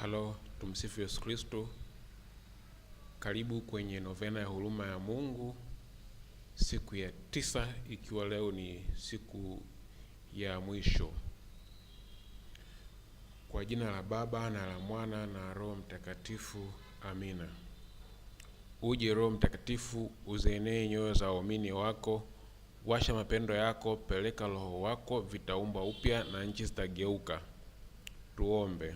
Halo, tumsifu Yesu Kristo. Karibu kwenye novena ya huruma ya Mungu, siku ya tisa, ikiwa leo ni siku ya mwisho. Kwa jina la Baba na la Mwana na Roho Mtakatifu, amina. Uje Roho Mtakatifu, uzienee nyoyo za waumini wako, washa mapendo yako, peleka Roho wako, vitaumba upya na nchi zitageuka. Tuombe.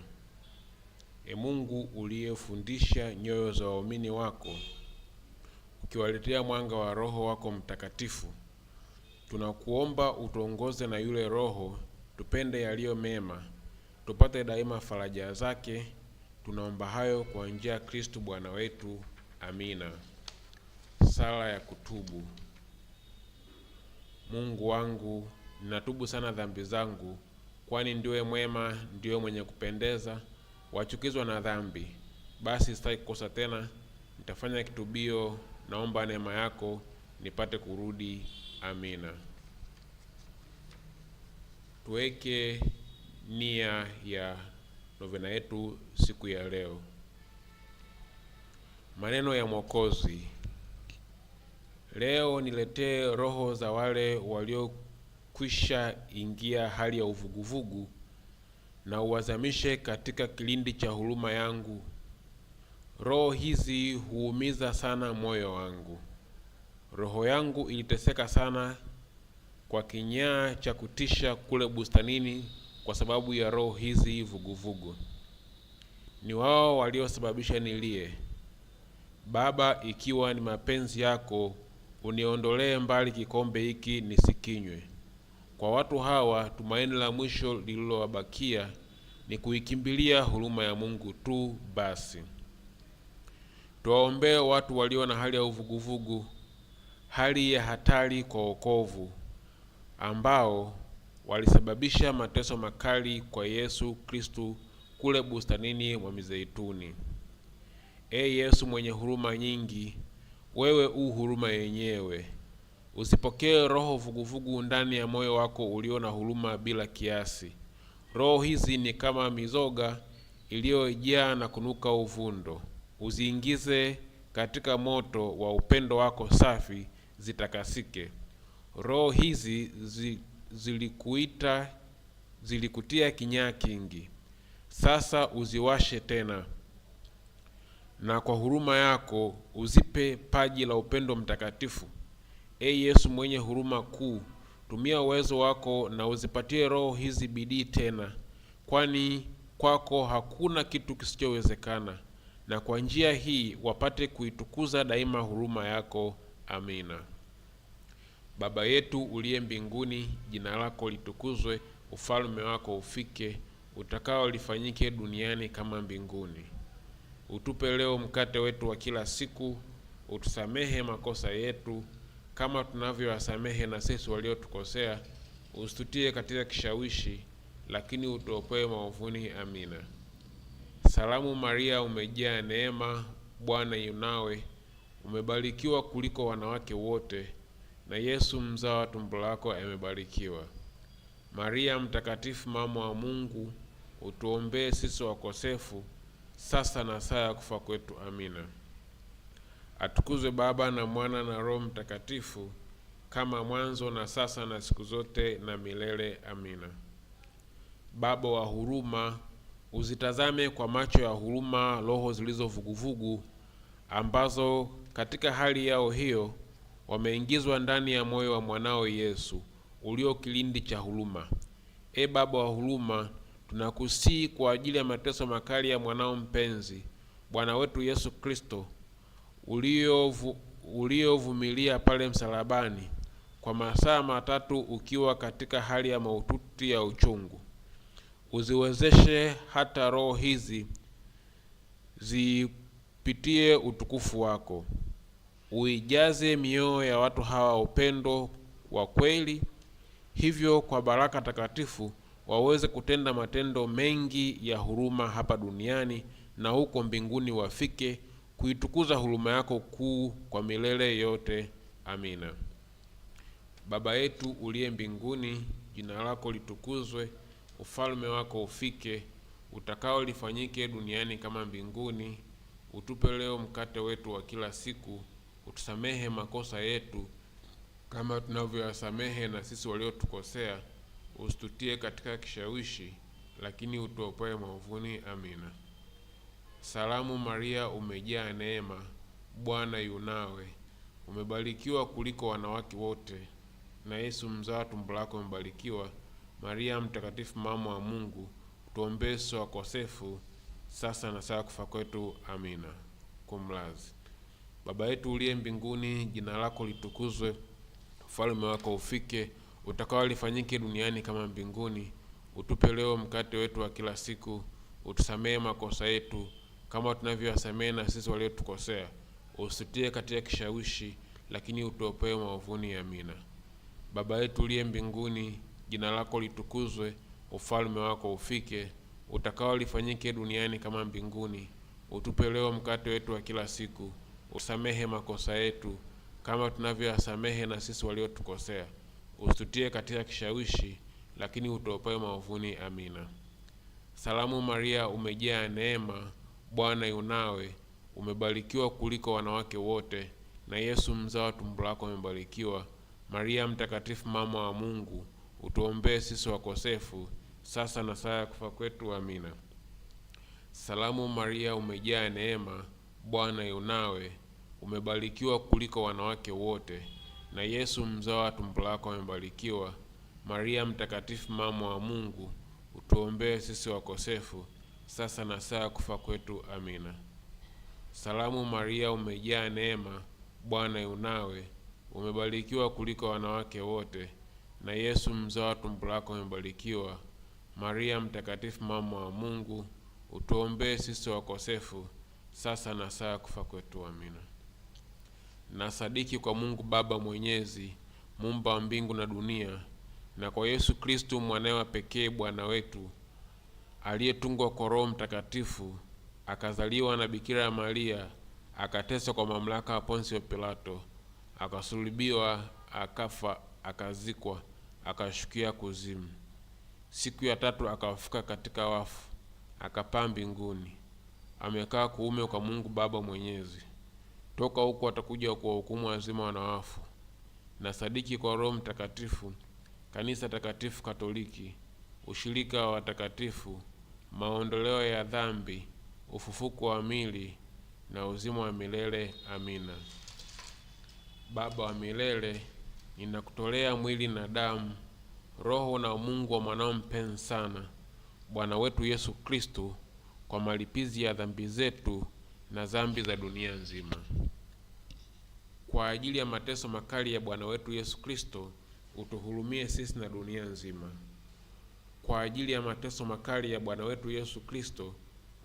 E Mungu uliyefundisha nyoyo za waumini wako ukiwaletea mwanga wa Roho wako Mtakatifu, tunakuomba utuongoze na yule Roho tupende yaliyo mema, tupate daima faraja zake. Tunaomba hayo kwa njia ya Kristu Bwana wetu, amina. Sala ya kutubu. Mungu wangu, ninatubu sana dhambi zangu, kwani ndiwe mwema, ndiwe mwenye kupendeza wachukizwa na dhambi, basi sitaki kukosa tena, nitafanya kitubio, naomba neema yako nipate kurudi. Amina. Tuweke nia ya novena yetu siku ya leo. Maneno ya Mwokozi: leo niletee roho za wale waliokwisha ingia hali ya uvuguvugu na uwazamishe katika kilindi cha huruma yangu. Roho hizi huumiza sana moyo wangu. Roho yangu iliteseka sana kwa kinyaa cha kutisha kule bustanini, kwa sababu ya roho hizi vuguvugu. Ni wao waliosababisha nilie. Baba, ikiwa ni mapenzi yako, uniondolee mbali kikombe hiki nisikinywe. Kwa watu hawa tumaini la mwisho lililowabakia ni kuikimbilia huruma ya Mungu tu basi. Tuwaombee watu walio na hali ya uvuguvugu, hali ya hatari kwa wokovu, ambao walisababisha mateso makali kwa Yesu Kristu kule bustanini mwa Mizeituni. Ee Yesu mwenye huruma nyingi, wewe u huruma yenyewe. Usipokee roho vuguvugu ndani ya moyo wako ulio na huruma bila kiasi. Roho hizi ni kama mizoga iliyojaa na kunuka uvundo, uziingize katika moto wa upendo wako safi, zitakasike. Roho hizi zi, zilikuita zilikutia kinyaa kingi, sasa uziwashe tena, na kwa huruma yako uzipe paji la upendo mtakatifu E Yesu mwenye huruma kuu, tumia uwezo wako na uzipatie roho hizi bidii tena, kwani kwako hakuna kitu kisichowezekana, na kwa njia hii wapate kuitukuza daima huruma yako. Amina. Baba yetu uliye mbinguni, jina lako litukuzwe, ufalme wako ufike, utakao lifanyike duniani kama mbinguni. Utupe leo mkate wetu wa kila siku, utusamehe makosa yetu kama tunavyowasamehe na sisi waliotukosea, usitutie katika kishawishi, lakini utuopoe maovuni. Amina. Salamu Maria, umejaa neema, Bwana yunawe, umebarikiwa kuliko wanawake wote, na Yesu mzao wa tumbo lako amebarikiwa. Maria Mtakatifu, mama wa Mungu, utuombee sisi wakosefu, sasa na saa ya kufa kwetu. Amina. Atukuzwe Baba na Mwana na Roho Mtakatifu, kama mwanzo na sasa na siku zote na milele. Amina. Baba wa huruma, uzitazame kwa macho ya huruma roho zilizo vuguvugu ambazo katika hali yao hiyo wameingizwa ndani ya moyo wa mwanao Yesu ulio kilindi cha huruma. E Baba wa huruma, tunakusii kwa ajili ya mateso makali ya mwanao mpenzi Bwana wetu Yesu Kristo uliovumilia pale msalabani kwa masaa matatu ukiwa katika hali ya maututi ya uchungu. Uziwezeshe hata roho hizi zipitie utukufu wako. Uijaze mioyo ya watu hawa upendo wa kweli, hivyo kwa baraka takatifu waweze kutenda matendo mengi ya huruma hapa duniani na huko mbinguni wafike kuitukuza huruma yako kuu kwa milele yote. Amina. Baba yetu uliye mbinguni, jina lako litukuzwe, ufalme wako ufike, utakao lifanyike duniani kama mbinguni. Utupe leo mkate wetu wa kila siku, utusamehe makosa yetu kama tunavyoyasamehe na sisi waliotukosea, usitutie katika kishawishi, lakini utuopoe maovuni. Amina. Salamu Maria, umejaa neema, Bwana yu nawe, umebarikiwa kuliko wanawake wote, na Yesu mzao tumbo lako umebarikiwa. Maria Mtakatifu, mama wa Mungu, tuombee sisi wakosefu, sasa na saa kufa kwetu. Amina. Kumlazi. Baba yetu uliye mbinguni, jina lako litukuzwe, ufalme wako ufike, utakao lifanyike duniani kama mbinguni. Utupe leo mkate wetu wa kila siku, utusamehe makosa yetu kama tunavyowasamehe na sisi waliotukosea, usitie katika kishawishi, lakini utuopoe maovuni. Amina. Baba yetu uliye mbinguni, jina lako litukuzwe, ufalme wako ufike, utakao lifanyike duniani kama mbinguni. Utupe leo mkate wetu wa kila siku, usamehe makosa yetu kama tunavyowasamehe na sisi waliotukosea, usitie katika kishawishi, lakini utuopoe maovuni. Amina. Salamu Maria, umejaa neema Bwana yunawe, umebarikiwa kuliko wanawake wote, na Yesu mzao tumbo lako amebarikiwa. Maria Mtakatifu, mama wa Mungu, utuombee sisi wakosefu, sasa na saa ya kufa kwetu. Amina. Salamu Maria, umejaa neema, Bwana yunawe, umebarikiwa kuliko wanawake wote, na Yesu mzao wa tumbo lako amebarikiwa. Maria Mtakatifu, mama wa Mungu, utuombee sisi wakosefu sasa na saa ya kufa kwetu. Amina. Salamu Maria, umejaa neema, Bwana unawe umebarikiwa kuliko wanawake wote, na Yesu mzao wa tumbo lako umebarikiwa. Maria mtakatifu, mama wa Mungu, utuombee sisi wakosefu, sasa na saa ya kufa kwetu. Amina. Na sadiki kwa Mungu Baba Mwenyezi, muumba wa mbingu na dunia, na kwa Yesu Kristu mwanaye wa pekee Bwana wetu aliyetungwa kwa Roho Mtakatifu, akazaliwa na Bikira ya Maria, akateswa kwa mamlaka ya Ponsio Pilato, akasulubiwa, akafa, akazikwa, akashukia kuzimu. Siku ya tatu akafufuka katika wafu, akapaa mbinguni, amekaa kuume kwa Mungu Baba Mwenyezi. Toka huko atakuja kuwahukumu wazima wana wafu. Na sadiki kwa Roho Mtakatifu, kanisa takatifu katoliki, ushirika wa watakatifu maondoleo ya dhambi, ufufuko wa mili na uzima wa milele. Amina. Baba wa milele, ninakutolea mwili na damu, roho na Mungu wa mwanao mpenzi sana, Bwana wetu Yesu Kristo, kwa malipizi ya dhambi zetu na dhambi za dunia nzima. Kwa ajili ya mateso makali ya Bwana wetu Yesu Kristo, utuhurumie sisi na dunia nzima kwa ajili ya mateso makali ya Bwana wetu Yesu Kristo,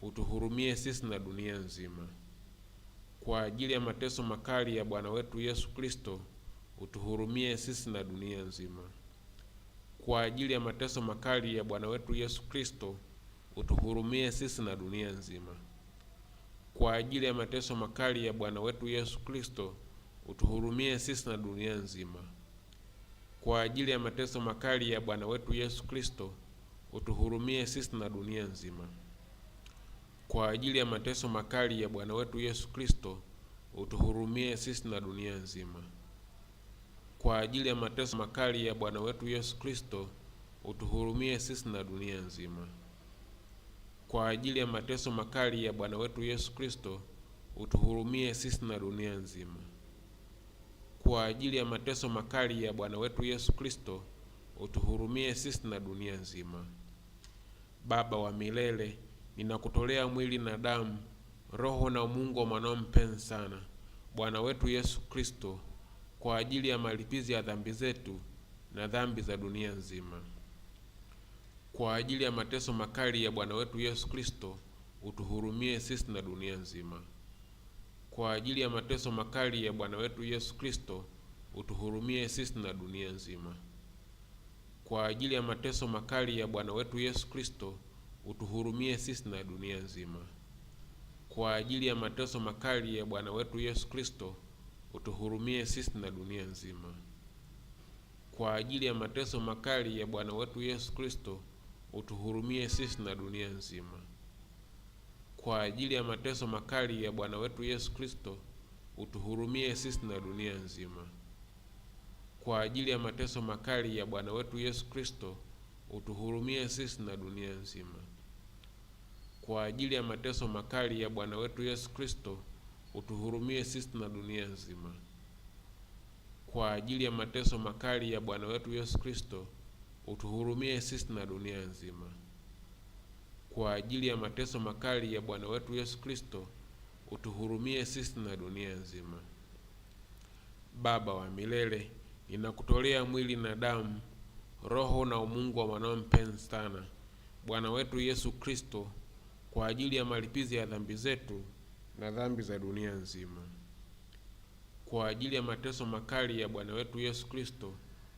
utuhurumie sisi na dunia nzima. Kwa ajili ya mateso makali ya Bwana wetu Yesu Kristo, utuhurumie sisi na dunia nzima. Kwa ajili ya mateso makali ya Bwana wetu Yesu Kristo, utuhurumie sisi na dunia nzima. Kwa ajili ya mateso makali ya Bwana wetu Yesu Kristo, utuhurumie sisi na dunia nzima. Kwa ajili ya mateso makali ya Bwana wetu Yesu Kristo utuhurumie sisi na dunia nzima. Kwa ajili ya mateso makali ya Bwana wetu Yesu Kristo, utuhurumie sisi na dunia nzima. Kwa ajili ya mateso makali ya Bwana wetu Yesu Kristo, utuhurumie sisi na dunia nzima. Kwa ajili ya mateso makali ya Bwana wetu Yesu Kristo, utuhurumie sisi na dunia nzima. Kwa ajili ya mateso makali ya Bwana wetu Yesu Kristo, utuhurumie sisi na dunia nzima. Baba wa milele, ninakutolea mwili na damu, roho na Mungu wa mwanao mpenzi sana, Bwana wetu Yesu Kristo, kwa ajili ya malipizi ya dhambi zetu na dhambi za dunia nzima. Kwa ajili ya mateso makali ya Bwana wetu Yesu Kristo, utuhurumie sisi na dunia nzima. Kwa ajili ya mateso makali ya Bwana wetu Yesu Kristo, utuhurumie sisi na dunia nzima kwa ajili ya mateso makali ya Bwana wetu Yesu Kristo, utuhurumie sisi na dunia nzima. Kwa ajili ya mateso makali ya Bwana wetu Yesu Kristo, utuhurumie sisi na dunia nzima. Kwa ajili ya mateso makali ya Bwana wetu Yesu Kristo, utuhurumie sisi na dunia nzima. Kwa ajili ya mateso makali ya Bwana wetu Yesu Kristo, utuhurumie sisi na dunia nzima kwa ajili ya mateso makali ya Bwana wetu Yesu Kristo, utuhurumie sisi na dunia nzima. Kwa ajili ya mateso makali ya Bwana wetu Yesu Kristo, utuhurumie sisi na dunia nzima. Kwa ajili ya mateso makali ya Bwana wetu Yesu Kristo, utuhurumie sisi na dunia nzima. Kwa ajili ya mateso makali ya Bwana wetu Yesu Kristo, utuhurumie sisi na dunia nzima. Baba wa milele Ninakutolea mwili na damu, roho na umungu wa mwanao mpenzi sana, Bwana wetu Yesu Kristo, kwa ajili ya malipizi ya dhambi zetu na dhambi za dunia nzima. Kwa ajili ya mateso makali ya Bwana wetu Yesu Kristo,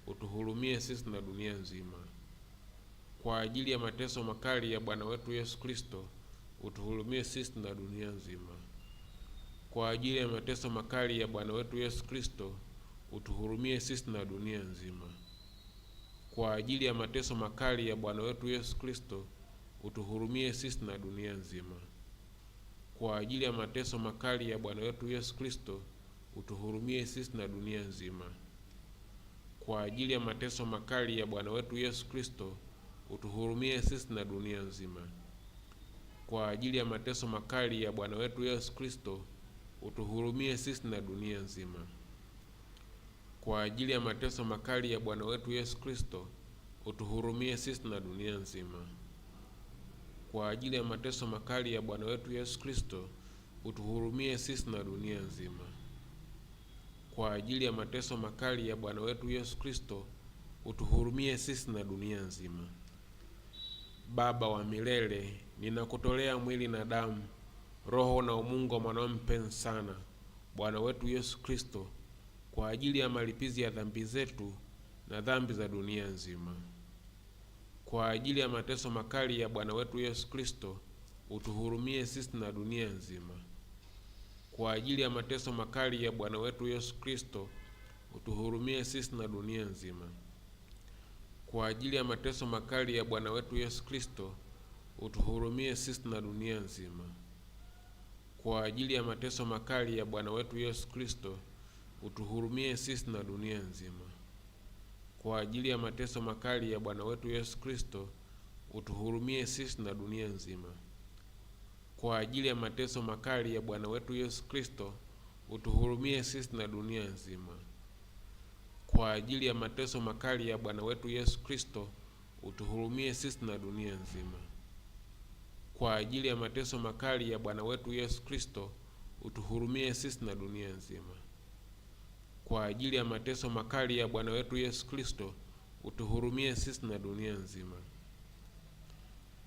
utuhurumie sisi na dunia nzima. Kwa ajili ya mateso makali ya Bwana wetu Yesu Kristo, utuhurumie sisi na dunia nzima. Kwa ajili ya mateso makali ya Bwana wetu Yesu Kristo utuhurumie sisi na dunia nzima. Kwa ajili ya mateso makali ya Bwana wetu Yesu Kristo, utuhurumie sisi na dunia nzima. Kwa ajili ya mateso makali ya Bwana wetu Yesu Kristo, utuhurumie sisi na dunia nzima. Kwa ajili ya mateso makali ya Bwana wetu Yesu Kristo, utuhurumie sisi na dunia nzima. Kwa ajili ya mateso makali ya Bwana wetu Yesu Kristo, utuhurumie sisi na dunia nzima kwa ajili ya mateso makali ya Bwana wetu Yesu Kristo, utuhurumie sisi na dunia nzima. Kwa ajili ya mateso makali ya Bwana wetu Yesu Kristo, utuhurumie sisi na dunia nzima. Kwa ajili ya mateso makali ya Bwana wetu Yesu Kristo, utuhurumie sisi na dunia nzima. Baba wa milele, ninakutolea mwili na damu, roho na umungu wa mwanao mpenzi sana Bwana wetu Yesu Kristo kwa ajili ya malipizi ya dhambi zetu na dhambi za dunia nzima, kwa ajili ya mateso makali ya Bwana wetu Yesu Kristo utuhurumie sisi na dunia nzima, kwa ajili ya mateso makali ya Bwana wetu Yesu Kristo utuhurumie sisi na dunia nzima, kwa ajili ya mateso makali ya Bwana wetu Yesu Kristo utuhurumie sisi na dunia nzima, kwa ajili ya mateso makali ya Bwana wetu Yesu Kristo utuhurumie sisi na dunia nzima. Kwa ajili ya mateso makali ya Bwana wetu Yesu Kristo, utuhurumie sisi na dunia nzima. Kwa ajili ya mateso makali ya Bwana wetu Yesu Kristo, utuhurumie sisi na dunia nzima. Kwa ajili ya mateso makali ya Bwana wetu Yesu Kristo, utuhurumie sisi na dunia nzima. Kwa ajili ya mateso makali ya Bwana wetu Yesu Kristo, utuhurumie sisi na dunia nzima kwa ajili ya mateso makali ya Bwana wetu Yesu Kristo, utuhurumie sisi na dunia nzima.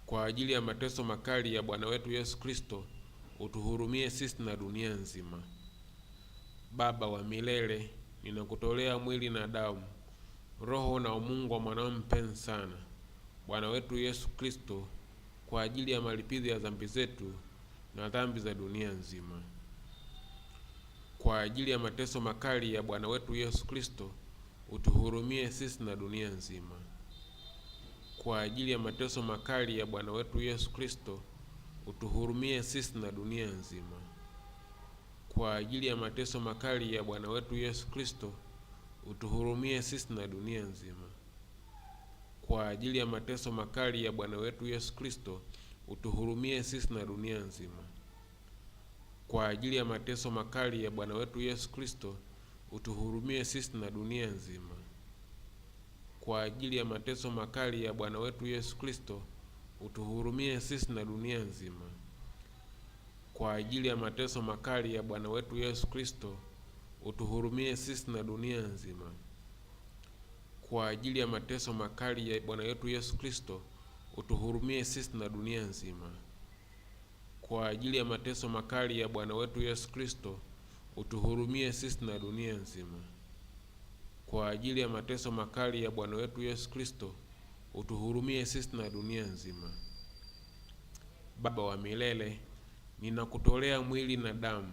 Kwa ajili ya mateso makali ya Bwana wetu Yesu Kristo, utuhurumie sisi na dunia nzima. Baba wa milele, ninakutolea mwili na damu, roho na umungu wa mwanao mpenzi sana, Bwana wetu Yesu Kristo, kwa ajili ya malipizi ya dhambi zetu na dhambi za dunia nzima kwa ajili ya mateso makali ya Bwana wetu Yesu Kristo, utuhurumie sisi na dunia nzima. Kwa ajili ya mateso makali ya Bwana wetu Yesu Kristo, utuhurumie sisi na dunia nzima. Kwa ajili ya mateso makali ya Bwana wetu Yesu Kristo, utuhurumie sisi na dunia nzima. Kwa ajili ya mateso makali ya Bwana wetu Yesu Kristo, utuhurumie sisi na dunia nzima kwa ajili ya mateso makali ya Bwana wetu Yesu Kristo, utuhurumie sisi na dunia nzima. Kwa ajili ya mateso makali ya Bwana wetu Yesu Kristo, utuhurumie sisi na dunia nzima. Kwa ajili ya mateso makali ya Bwana wetu Yesu Kristo, utuhurumie sisi na dunia nzima. Kwa ajili ya mateso makali ya Bwana wetu Yesu Kristo, utuhurumie sisi na dunia nzima kwa ajili ya mateso makali ya Bwana wetu Yesu Kristo, utuhurumie sisi na dunia nzima. Kwa ajili ya mateso makali ya Bwana wetu Yesu Kristo, utuhurumie sisi na dunia nzima. Baba wa milele, ninakutolea mwili na damu,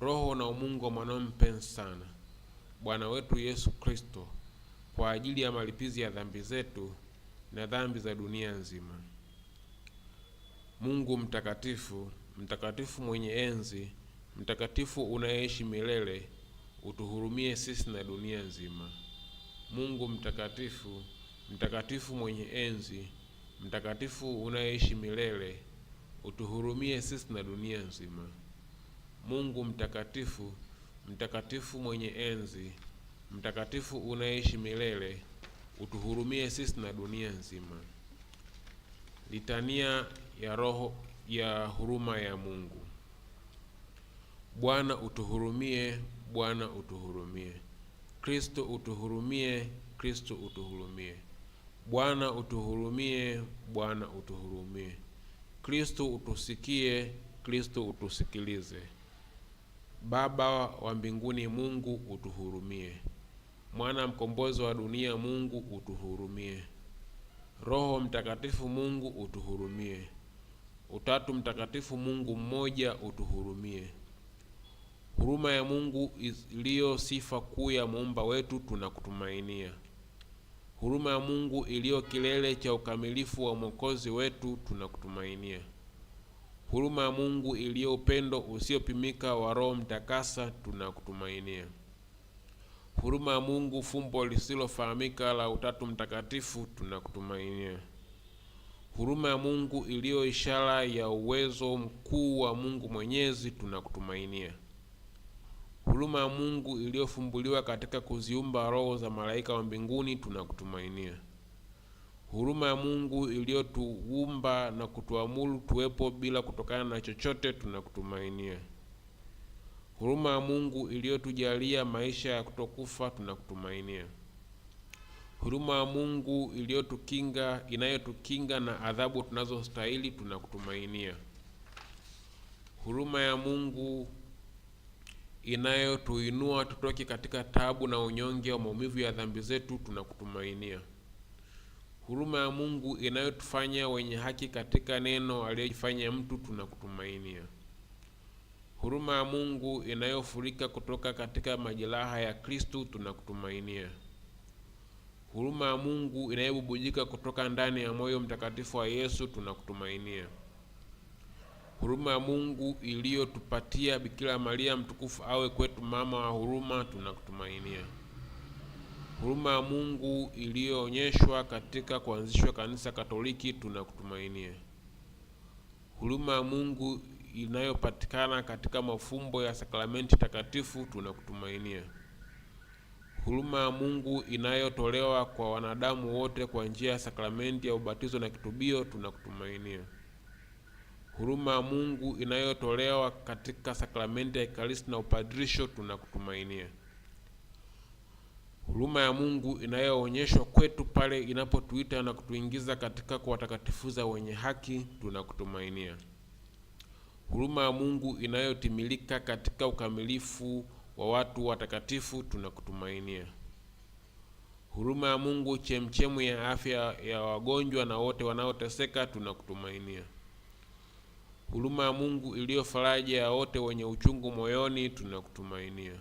roho na umungu wa mwanao mpenzi sana, Bwana wetu Yesu Kristo, kwa ajili ya malipizi ya dhambi zetu na dhambi za dunia nzima. Mungu mtakatifu, mtakatifu mwenye enzi, mtakatifu unayeishi milele, utuhurumie sisi na dunia nzima. Mungu mtakatifu, mtakatifu mwenye enzi, mtakatifu unayeishi milele, utuhurumie sisi na dunia nzima. Mungu mtakatifu, mtakatifu mwenye enzi, mtakatifu unayeishi milele, utuhurumie sisi na dunia nzima. Litania ya roho ya huruma ya Mungu. Bwana utuhurumie, Bwana utuhurumie. Kristo utuhurumie, Kristo utuhurumie. Bwana utuhurumie, Bwana utuhurumie. Kristo utusikie, Kristo utusikilize. Baba wa mbinguni, Mungu utuhurumie. Mwana mkombozi wa dunia, Mungu utuhurumie. Roho Mtakatifu, Mungu utuhurumie. Utatu Mtakatifu, Mungu mmoja, utuhurumie. Huruma ya Mungu iliyo sifa kuu ya muumba wetu, tunakutumainia. Huruma ya Mungu iliyo kilele cha ukamilifu wa mwokozi wetu, tunakutumainia. Huruma ya Mungu iliyo upendo usiopimika wa Roho Mtakasa, tunakutumainia. Huruma ya Mungu fumbo lisilofahamika la Utatu Mtakatifu, tunakutumainia. Huruma ya Mungu iliyo ishara ya uwezo mkuu wa Mungu Mwenyezi, tunakutumainia. Huruma ya Mungu iliyofumbuliwa katika kuziumba roho za malaika wa mbinguni, tunakutumainia. Huruma ya Mungu iliyotuumba na kutuamuru tuwepo bila kutokana na chochote, tunakutumainia. Huruma ya Mungu iliyotujalia maisha ya kutokufa, tunakutumainia huruma ya Mungu iliyotukinga inayotukinga na adhabu tunazostahili, tunakutumainia. Huruma ya Mungu inayotuinua tutoke katika tabu na unyonge wa maumivu ya dhambi zetu, tunakutumainia. Huruma ya Mungu inayotufanya wenye haki katika neno aliyojifanya mtu, tunakutumainia. Huruma ya Mungu inayofurika kutoka katika majeraha ya Kristu, tunakutumainia. Huruma ya Mungu inayobubujika kutoka ndani ya moyo mtakatifu wa Yesu tunakutumainia. Huruma ya Mungu iliyotupatia Bikira Maria mtukufu awe kwetu mama wa huruma tunakutumainia. Huruma ya Mungu iliyoonyeshwa katika kuanzishwa kanisa Katoliki tunakutumainia. Huruma ya Mungu inayopatikana katika mafumbo ya sakramenti takatifu tunakutumainia. Huruma ya Mungu inayotolewa kwa wanadamu wote kwa njia ya sakramenti ya ubatizo na kitubio, tunakutumainia. Huruma ya Mungu inayotolewa katika sakramenti ya Ekaristi na upadrisho tunakutumainia. Huruma ya Mungu inayoonyeshwa kwetu pale inapotuita na kutuingiza katika kuwatakatifuza wenye haki, tunakutumainia. Huruma ya Mungu inayotimilika katika ukamilifu wa watu watakatifu tunakutumainia. Huruma ya Mungu, chemchemu ya afya ya wagonjwa na wote wanaoteseka, tunakutumainia. Huruma ya Mungu iliyo faraja ya wote wenye uchungu moyoni, tunakutumainia.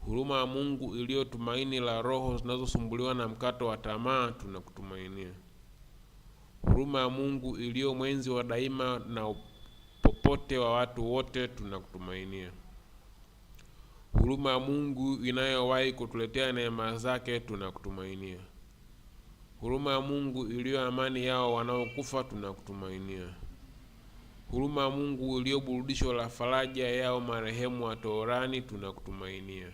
Huruma ya Mungu iliyo tumaini la roho zinazosumbuliwa na mkato wa tamaa, tunakutumainia. Huruma ya Mungu iliyo mwenzi wa daima na popote wa watu wote, tunakutumainia huruma ya Mungu inayowahi kutuletea neema zake tunakutumainia. Huruma ya Mungu iliyo amani yao wanaokufa tunakutumainia. Huruma ya Mungu iliyo burudisho la faraja yao marehemu wa toharani tunakutumainia.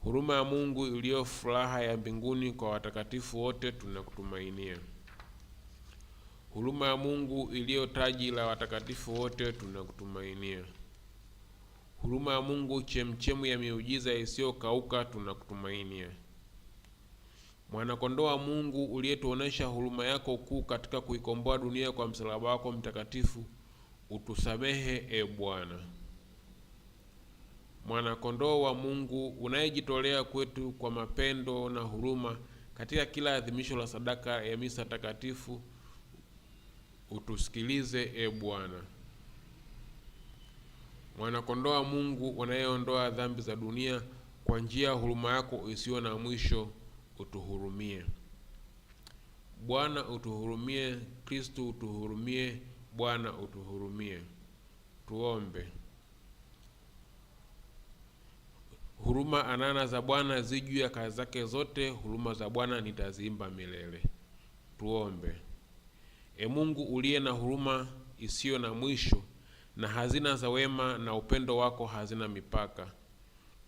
Huruma ya Mungu iliyo furaha ya mbinguni kwa watakatifu wote tunakutumainia. Huruma ya Mungu iliyo taji la watakatifu wote tunakutumainia. Huruma ya Mungu, chemchemu ya miujiza isiyokauka, tunakutumainia. Mwanakondoo wa Mungu, uliyetuonesha huruma yako kuu katika kuikomboa dunia kwa msalaba wako mtakatifu, utusamehe e Bwana. Mwanakondoo wa Mungu, unayejitolea kwetu kwa mapendo na huruma katika kila adhimisho la sadaka ya misa takatifu, utusikilize e Bwana. Mwanakondoa Mungu unayeondoa dhambi za dunia, kwa njia ya huruma yako isiyo na mwisho utuhurumie. Bwana utuhurumie, Kristo utuhurumie, Bwana utuhurumie. Tuombe. Huruma anana za Bwana ziju ya kazi zake zote, huruma za Bwana nitaziimba milele. Tuombe. E Mungu uliye na huruma isiyo na mwisho na hazina za wema na upendo wako hazina mipaka.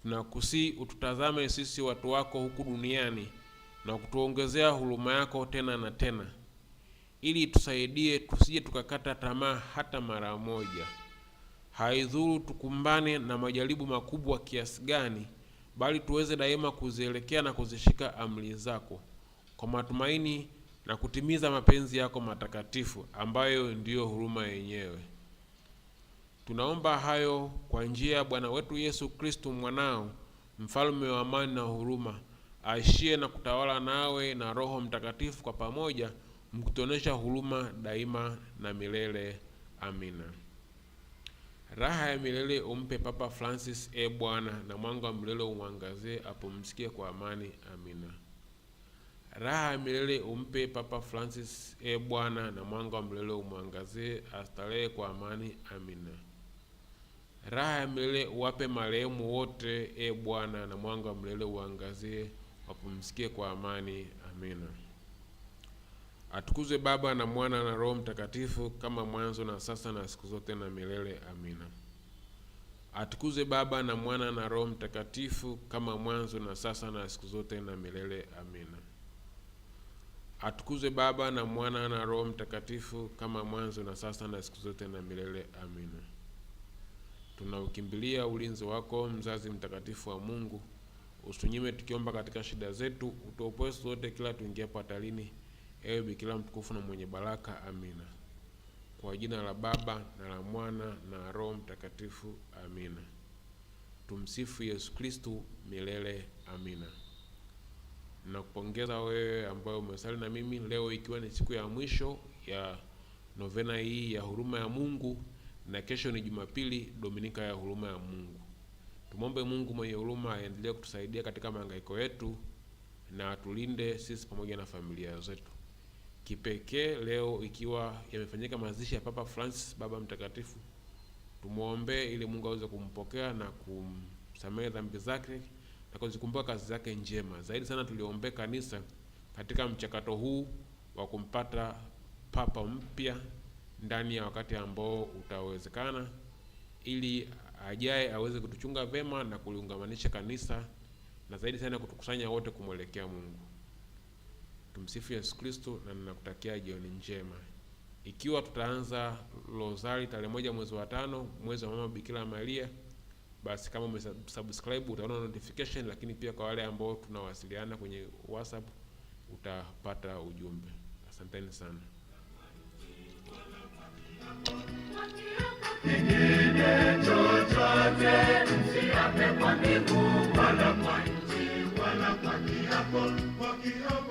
tunakusii ututazame sisi watu wako huku duniani na kutuongezea huruma yako tena na tena, ili tusaidie tusije tukakata tamaa hata mara moja. Haidhuru tukumbane na majaribu makubwa kiasi gani, bali tuweze daima kuzielekea na kuzishika amri zako kwa matumaini na kutimiza mapenzi yako matakatifu ambayo ndiyo huruma yenyewe. Tunaomba hayo kwa njia ya Bwana wetu Yesu Kristu mwanao, mfalme wa amani na huruma, aishie na kutawala nawe na Roho Mtakatifu kwa pamoja, mkutonesha huruma daima na milele. Amina. Raha ya milele umpe Papa Francis, e Bwana, na mwanga wa milele umwangazie, apumzike kwa amani. Amina. Raha ya milele umpe Papa Francis, e Bwana, na mwanga wa milele umwangazie, astarehe kwa amani. Amina. Raha ya milele uwape marehemu wote, e Bwana, na mwanga wa milele uangazie, wapumzikie kwa amani. Amina. Atukuzwe Baba na Mwana na Roho Mtakatifu, kama mwanzo na sasa na siku zote na milele. Amina. Atukuzwe Baba na Mwana na Roho Mtakatifu, kama mwanzo na sasa na siku zote na milele. Amina. Atukuzwe Baba na Mwana na Roho Mtakatifu, kama mwanzo na sasa na siku zote na milele. Amina tunaukimbilia ulinzi wako, mzazi mtakatifu wa Mungu. Usinyime tukiomba katika shida zetu, utuopoe wote kila tuingia patalini, ewe Bikira mtukufu na mwenye baraka. Amina. Kwa jina la Baba na la Mwana na Roho Mtakatifu. Amina. Tumsifu Yesu Kristu milele. Amina. Nakupongeza wewe ambaye umesali na mimi leo, ikiwa ni siku ya mwisho ya novena hii ya huruma ya Mungu na kesho ni Jumapili, Dominika ya huruma ya Mungu. Tumwombe Mungu mwenye huruma aendelee kutusaidia katika mahangaiko yetu na atulinde sisi pamoja na familia zetu. Kipekee leo ikiwa yamefanyika mazishi ya Papa Francis, Baba Mtakatifu, tumuombe ili Mungu aweze kumpokea na kumsamehe dhambi zake na kuzikumbuka kazi zake njema. Zaidi sana tuliombe kanisa katika mchakato huu wa kumpata papa mpya ndani ya wakati ambao utawezekana, ili ajaye aweze kutuchunga vema na kuliungamanisha kanisa na zaidi sana kutukusanya wote kumwelekea Mungu. Tumsifu Yesu Kristo, na ninakutakia jioni njema. Ikiwa tutaanza Rozari tarehe moja mwezi wa tano, mwezi wa mama Bikira Maria, basi kama umesubscribe utaona notification, lakini pia kwa wale ambao tunawasiliana kwenye WhatsApp utapata ujumbe. Asanteni sana. Kiapo, kwa kiapo.